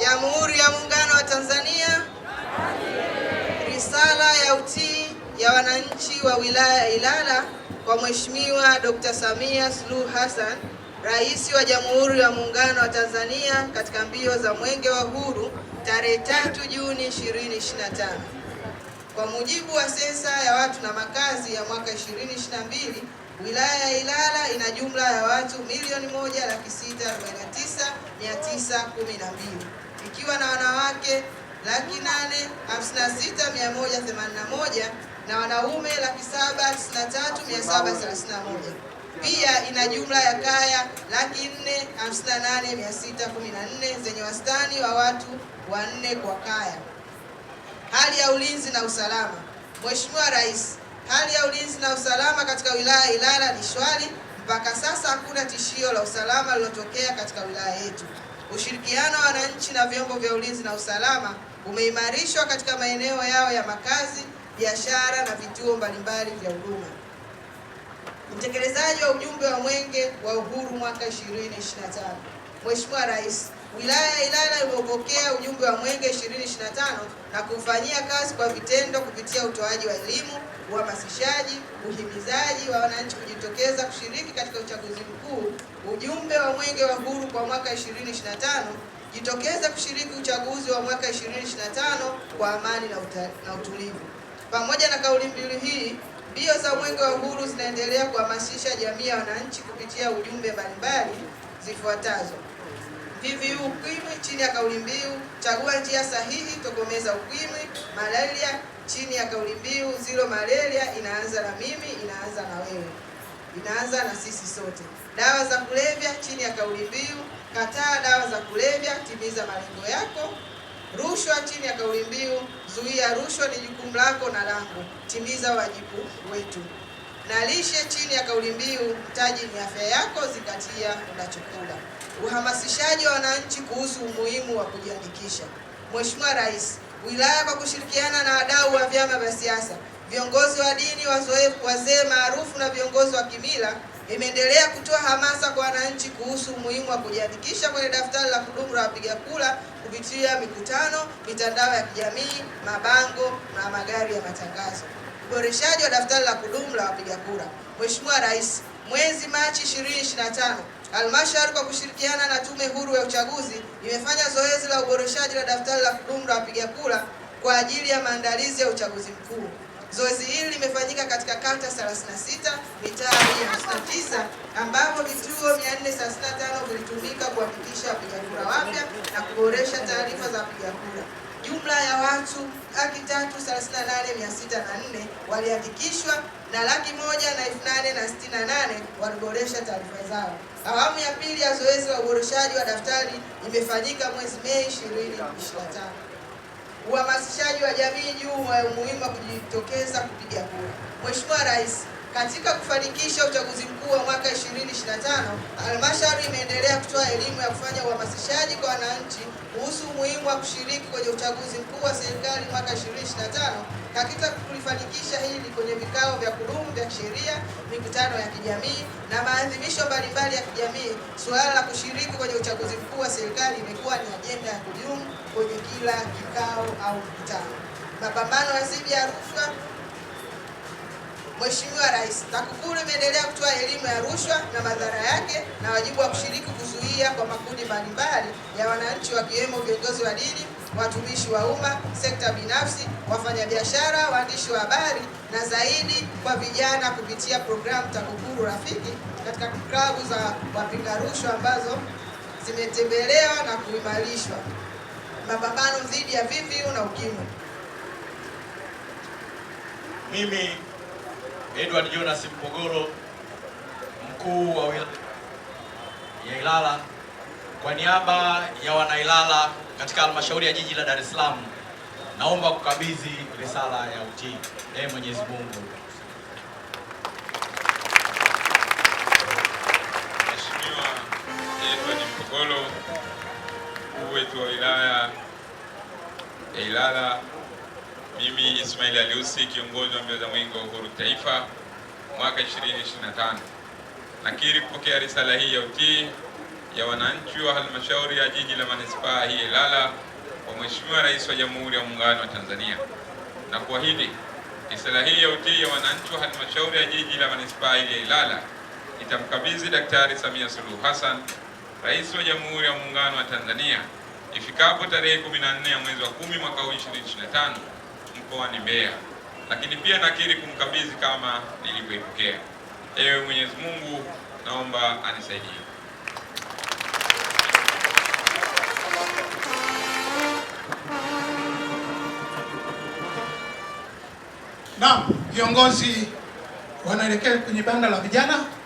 Jamhuri ya Muungano wa Tanzania, risala ya utii ya wananchi wa wilaya ya Ilala kwa Mheshimiwa Dr. Samia Suluhu Hassan, Rais wa Jamhuri ya Muungano wa Tanzania katika mbio za Mwenge wa Uhuru tarehe 3 Juni 2025. Kwa mujibu wa sensa ya watu na makazi ya mwaka 2022, wilaya ya Ilala ina jumla ya watu milioni moja laki sita arobaini na tisa mia tisa kumi na mbili ikiwa na wanawake laki nane hamsini na sita mia moja themanini na moja na wanaume laki saba tisini na tatu mia saba thelathini na moja. Pia ina jumla ya kaya laki nne hamsini na nane mia sita kumi na nne zenye wastani wa watu wanne kwa kaya hali ya ulinzi na usalama. Mheshimiwa Rais, hali ya ulinzi na usalama katika wilaya ya Ilala ni shwari mpaka sasa, hakuna tishio la usalama lililotokea katika wilaya yetu. Ushirikiano wa wananchi na vyombo vya ulinzi na usalama umeimarishwa katika maeneo yao ya makazi, biashara na vituo mbalimbali vya huduma. mtekelezaji wa ujumbe wa Mwenge wa Uhuru mwaka 2025. Mheshimiwa Rais, Wilaya ya Ilala imeupokea ujumbe wa Mwenge 2025 na kufanyia kazi kwa vitendo kupitia utoaji wa elimu, uhamasishaji, uhimizaji wa wananchi kujitokeza kushiriki katika uchaguzi mkuu. Ujumbe wa Mwenge wa Uhuru kwa mwaka 2025: jitokeza kushiriki uchaguzi wa mwaka 2025 kwa amani na, uta, na utulivu. Pamoja na kauli mbiu hii, mbio za Mwenge wa Uhuru zinaendelea kuhamasisha jamii ya wananchi kupitia ujumbe mbalimbali zifuatazo: VVU UKIMWI chini ya kauli mbiu chagua njia sahihi tokomeza UKIMWI malaria, chini ya kauli mbiu zero malaria, inaanza na mimi, inaanza na wewe, inaanza na sisi sote. Dawa za kulevya chini ya kauli mbiu kataa dawa za kulevya, timiza malengo yako. Rushwa chini ya kauli mbiu zuia rushwa, ni jukumu lako na langu, timiza wajibu wetu. Na lishe chini ya kauli mbiu mtaji ni afya yako, zingatia unachokula uhamasishaji wa wananchi kuhusu umuhimu wa kujiandikisha. Mheshimiwa Rais, wilaya kwa kushirikiana na wadau wa vyama vya siasa, viongozi wa dini, wazoefu, wazee maarufu na viongozi wa kimila imeendelea kutoa hamasa kwa wananchi kuhusu umuhimu wa kujiandikisha kwenye daftari la kudumu la wapiga kura kupitia mikutano, mitandao ya kijamii, mabango na magari ya matangazo. Uboreshaji wa daftari la kudumu la wapiga kura. Mheshimiwa Rais, mwezi Machi 2025 Halmashauri kwa kushirikiana na Tume Huru ya Uchaguzi imefanya zoezi la uboreshaji la daftari la kudumu la wapiga kura kwa ajili ya maandalizi ya uchaguzi mkuu. Zoezi hili limefanyika katika kata 36, mitaa 59 ambapo vituo 435 vilitumika kuhakikisha wapiga kura wapya na kuboresha taarifa za wapiga kura jumla ya watu laki tatu thelathini na nane mia sita na nne walihakikishwa na laki moja na elfu nane na sitini na nane waliboresha taarifa zao. Awamu ya pili ya zoezi la uboreshaji wa daftari imefanyika mwezi Mei 2025. Uhamasishaji wa jamii juu ya umuhimu wa kujitokeza kupiga kura. Mheshimiwa Rais katika kufanikisha uchaguzi mkuu wa mwaka 2025, halmashauri imeendelea kutoa elimu ya kufanya uhamasishaji kwa wananchi kuhusu umuhimu wa kushiriki kwenye uchaguzi mkuu wa serikali mwaka 2025 katika kulifanikisha hili kwenye vikao vya kudumu vya kisheria, mikutano ya kijamii na maadhimisho mbalimbali ya kijamii, suala la kushiriki kwenye uchaguzi mkuu wa serikali imekuwa ni ajenda ya kudumu kwenye kila kikao au mkutano. Mapambano ya dhidi ya rushwa Mheshimiwa Rais, TAKUKURU imeendelea kutoa elimu ya rushwa na madhara yake na wajibu wa kushiriki kuzuia kwa makundi mbalimbali ya wananchi wakiwemo viongozi wa dini, watumishi wa umma, sekta binafsi, wafanyabiashara, waandishi wa habari na zaidi kwa vijana kupitia programu TAKUKURU Rafiki katika klabu za wapinga rushwa ambazo zimetembelewa na kuimarishwa. Mapambano dhidi ya VVU na UKIMWI. Mimi Edward Jonas Mpogoro, mkuu wa ya Ilala, kwa niaba ya wanailala katika halmashauri ya jiji la Dar es Salaam, naomba kukabidhi risala ya utii. Ee Mwenyezi Mungu, Mheshimiwa Edward Mpogoro, mkuu wetu wa wilaya ya Ilala mimi Ismail Aliusi, kiongozi wa mbio za mwenge wa uhuru taifa mwaka 2025, nakiri kupokea risala hii ya utii ya wananchi wa halmashauri ya jiji la manispaa hii Ilala kwa Mheshimiwa Rais wa Jamhuri ya Muungano wa Tanzania, na kuahidi risala hii ya utii ya wananchi wa halmashauri ya jiji la manispaa hii ya Ilala itamkabidhi Daktari Samia Suluhu Hassan, Rais wa Jamhuri ya Muungano wa Tanzania ifikapo tarehe 14 ya mwezi wa 10 mwaka 2025 ni Mbeya, lakini pia nakiri kumkabidhi kama nilivyoipokea. Ewe Mwenyezi Mungu, naomba anisaidie. Naam, viongozi wanaelekea kwenye banda la vijana.